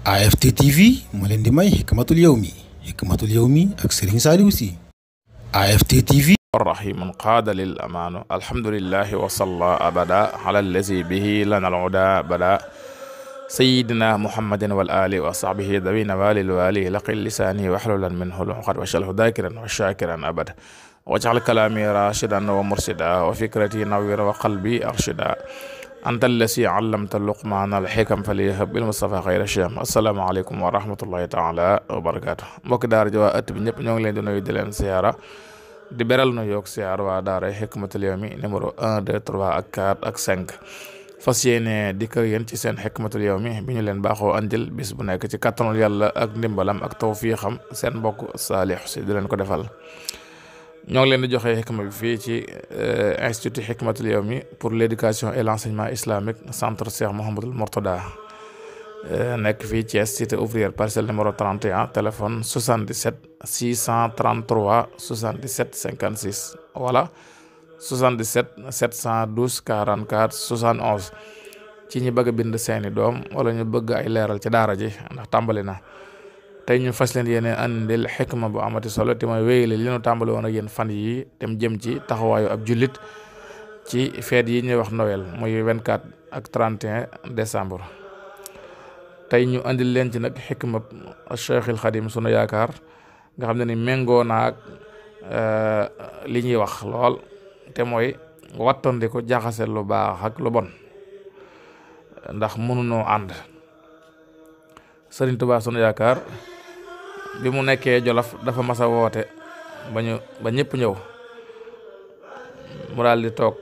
AFT TV moo leen di may xikmatul yawmi xikmatul yawmi ak Serigne Saliou Sy AFT TV arrahimun qaada lil amaanu alhamdulillahi wa salla abada ala allazi bihi lana al-huda bada sayyidina muhammadin wal ali wa sahbihi dawi nawali wali laqil lisani wahlulan minhu al-uqad waj'alhu dhakiran wa shakiran abada waj'al kalami rashidan wa mursida wa fikrati nawwir wa qalbi arshida anta allasi allamta luqmaana alxikam faliyahab bil mustafa xayra sham asalaamaaleykum wa rahmatullahi taala wa barakaatu mbokki daara ji waa ëtt bi ñëpp ñoo ngi leen di nuyu di leen siyaara di beral nu yoog siyaar waa daara xikmatul yawmi numéro 1 2 3 ak 4 ak 5 fas yéene di kër yéen ci seen xikmatul yawmi bi ñu leen baaxoo andil bis bu nekk ci kattanul yàlla ak ndimbalam ak tawfiixam seen mbokk saalix si di leen ko defal ñoo ngi leen di joxe xikma bi fii ci eh, institut Hikmatul Yawmi pour l'éducation et l'enseignement islamique centre Cheikh Mouhamadul Mourtada eh, nekk fii Thiès cité ouvrière parcelle numéro 31 téléphone 77 633 77 56 voilà 77 712 44 71 ci ñi bëgg a bind seeni doom wala ñu bëgg ay leeral ci daara ji ndax tàmbali na. tey ñu fas leen yéene xekk ma bu amati solo te mooy wéyale li ñu ak yéen fan yi dem jëm ci taxawaayu ab jullit ci feet yi ñuy wax nowel mooy muy 24 ak 31 décembre tey ñu indi leen ci nag xikma Cheikhul Xadim sunu yaakaar nga xam ne ni méngoo naag euh, li ñuy wax lool te mooy wattandi ko jaxase lu baax ak lobon ndax mënunoo ànd sëriñ Tuubaa sunu yaakaar bi mu nekkee Jolof dafa mas a woote ba ñépp ñëw mu daal di toog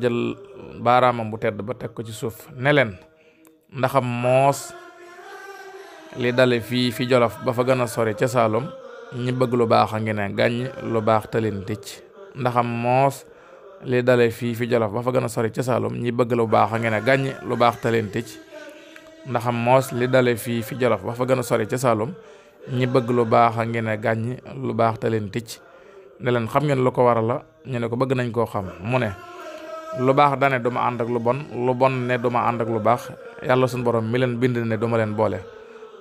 jël baaraamam bu tedd ba teg ko ci suuf ne leen ndaxam moos li dale fii fi Jolof ba fa gën a sori ca Saalum ñi bëgg lu baax a ngi ne gàññ lu baax te leen ticc ndaxam moos li dale fii fi Jolof ba fa gën a sori ca ñi bëgg lu baax a ngi ne gàññ lu baax te leen ticc ndax moos li dale fii fi Jolof wax fa gën a sori ca Saalum ñi bëgg lu baax a ngeen a gàññ lu baax te leen ticc ne leen xam ngeen lu ko waral la ñu ne ko bëgg nañ koo xam mu ne lu baax dane du ànd ak lu bon lu bon ne du ànd ak lu baax yàlla suñu borom mi leen bind ne du leen boole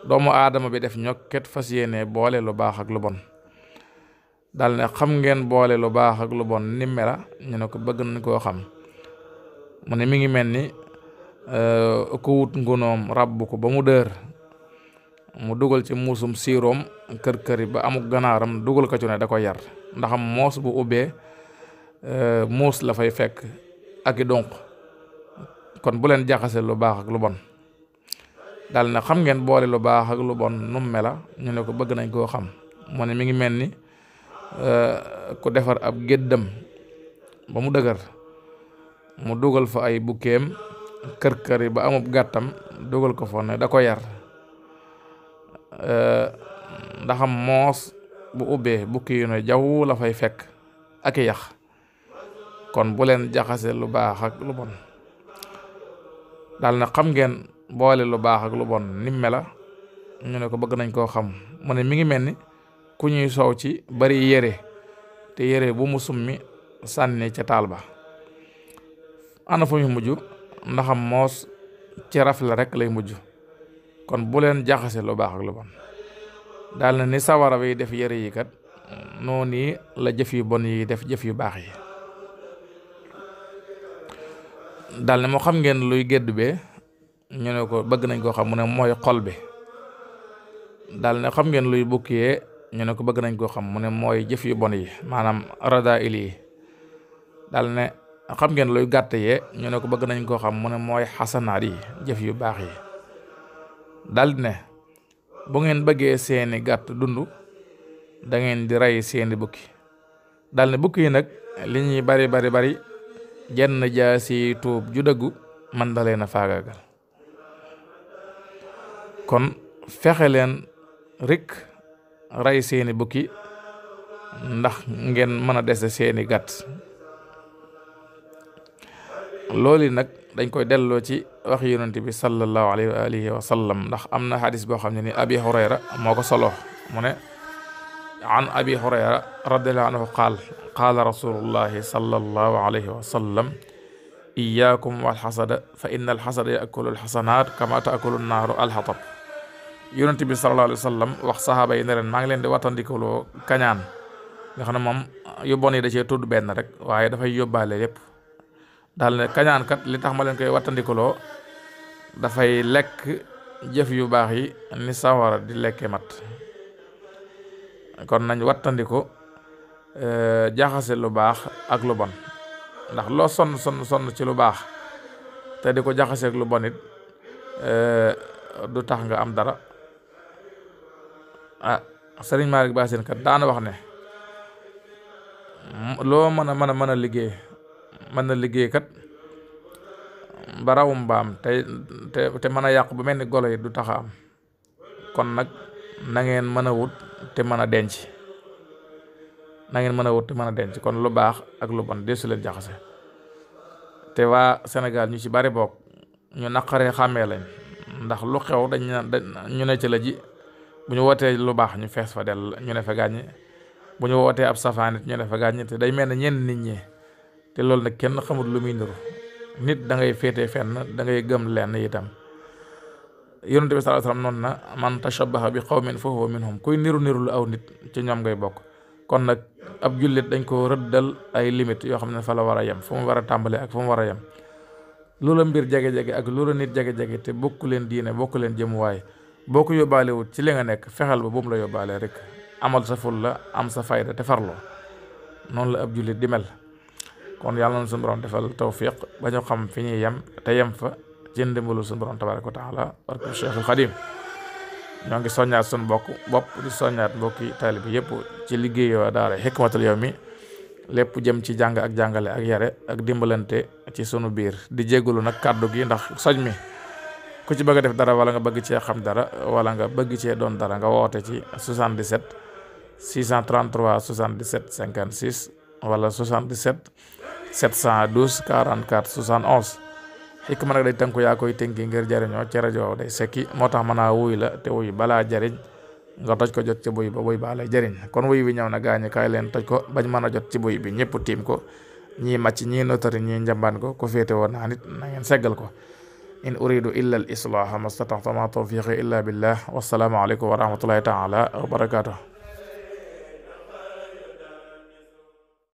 doomu aadama bi def ñokket fas yéene boole lu baax ak lu bon dal ne xam ngeen boole lu baax ak lu bon ni ñu ne ko bëgg nañ koo xam mu ngi mel ni Eh, ku wut ngunoom ràbb ko ba mu dër mu dugal ci muusum siiroom kër-këri ba amuk ganaaram dugal ko ci ne da ko yar ndaxam moos bu ubbee eh, muus la fay fekk ak i donc kon bu leen jaxasee lu baax ak lu bon daal na xam ngeen boole lu baax ak lu bon num mela ñu ne ko bëgg nañ koo xam mu ne mi ngi mel ni eh, ku defar ab géddam ba mu dëgër mu dugal fa ay bukkeem kër-kër yi ba amub gàttam dugal ko foofu ne da ko yar eh, ndaxam moos bu ubbee bukki yu ne jaww fay fekk ak i yax kon bu leen jaxasee lu baax ak lu bon daal na xam ngeen boole lu baax ak lu bon nimme la ñu ne ko bëgg nañ koo xam mu ne mi ngi mel ni ku ñuy soow ci bari yére te yére bu mu summi sànni ca taal ba ana fu ñu mujj ndaxam moos ci la rek lay mujj kon bu leen jaxase lu baax ak lu bon daal na ni sawara bi def yëre yi kat noonu yi la jëf yu bon yi def jëf yu baax yi dal ne moo xam ngeen luy géddu bee ñu ne ko bëgg nañ koo xam mu ne mooy xol bi daal ne xam ngeen luy bukkiyee ñu ne ko bëgg nañ koo xam ne mooy jëf yu bon yi maanaam rada il yi daal ne xam ngeen luy gàtt yee ñu ne ko bëgg nañ koo xam mu ne mooy xasanaat yi jëf yu baax yi daldi ne bu ngeen bëggee seeni gàtt dund dangeen di rey seeni bukki daldi ne bukki yi nag li ñuy bari bari bari jenn jaasi tuub ju dëggu mën na leen a faagaagal kon fexe leen rek rey seeni bukki ndax ngeen mën a dese seeni gàtt loolu nag dañ koy delloo ci wax yonent bi sallallahu alayhi wa alihi ndax am na xadis boo xam ne ni abi hurayra moo ko solo mu ne an abi hurayra radiallahu anhu qaal qaala rasulullahi sallallahu alayhi wa sallam iyaakum walxasada fa inna alxasada yaakulu alxasanaat kama taakulu naaru alxatab yonent bi sallallahu alayhi wax saxaaba yi ne maa ngi leen di wattandikuloo kañaan nga xam ne moom yu bon yi da cee tudd benn rek waaye dafay yóbbaale lépp daal ne kañaankat li tax ma leen koy wattandikuloo dafay lekk jëf yu baax yi ni sawara di lekke mat kon nañ wattandiku e, jaxase lu baax ak lu bon ndax loo sonn sonn sonn ci lu baax te di ko jaxase ak lu bon it e, du tax nga am dara ah sëriñ Malick Bassine kat wax ne loo mën a mën a mën a liggéey mën na liggéey kat ba mbaam te te mën a yàqu ba mel ni golo yi du taxa am kon nag na ngeen mën a wut te mën a denc na mën a wut mën a denc kon lu baax ak lu bon deesu leen jaxase te waa Sénégal ñu ci bari bokk ñu naqaree xàmmee lañ ndax lu xew dañ ñu ne ci la ji bu ñu wootee lu baax ñu fees fa del ñu ne fa gàññe bu ñu wootee ab safaan it ñu ne fa gàññe te day mel ne ñenn nit ñi. te loolu nag kenn xamut lu muy niru nit dangay féete fenn da ngay gëm lenn itam yonente bi sa alayhi wasallam na man tashabaha bi qawmin fa huwa minhum kuy niru niru lu aw nit ci ñoom ngay bokk kon nag ab jullit dañ ko rëddal ay limite yoo xam ne fa la war a yem fu mu war a tàmbalee ak fu mu war a yem loola mbir jege-jege ak loola nit jege-jege te bokk leen diine bokku leen jëmuwaay boo ko yóbbaalewut ci li nga nekk fexeel ba bu la yóbbaale rek amal sa ful la am sa fayda te noonu la ab jullit di kon yàlla na suñu borom defal tawfiq ba ñu xam fi ñu yem te yem fa ci ndimbalu suñu borom tabaraka wa que barke Cheikhul Xadim ñoo ngi soññaat suñu bokk bopp di soññaat mbokki taalibe yëpp ci liggéeyoo daara Hikmatul mi lépp jëm ci jàng ak jàngale ak yare ak dimbalante ci sunu biir di jégalu nag kàddu gi ndax soj mi ku ci bëgg def dara wala nga bëgg cee xam dara wala nga bëgg cee doon dara nga woote ci 77 633 77 56 wala 77 712 44 71 xikma nag day tënku yaa koy tënki ngir jariñoo ci rajo day sekki moo tax mën a wuy la te wuy balaa jariñ nga toj ko jot ci buy ba buy baa lay jariñ kon wuy wi ñëw na gaañi kaay leen toj ko bañ mën a jot ci buy bi ñëpp tiim ko ñii màcc ñii notari ñii njambaan ko ko féete woon naa nit na ngeen seggal ko in uridu illa al islaha mastata'tu ma tawfiqi illa billah wassalaamu aleykum wa rahmatullahi taala wa barakatuh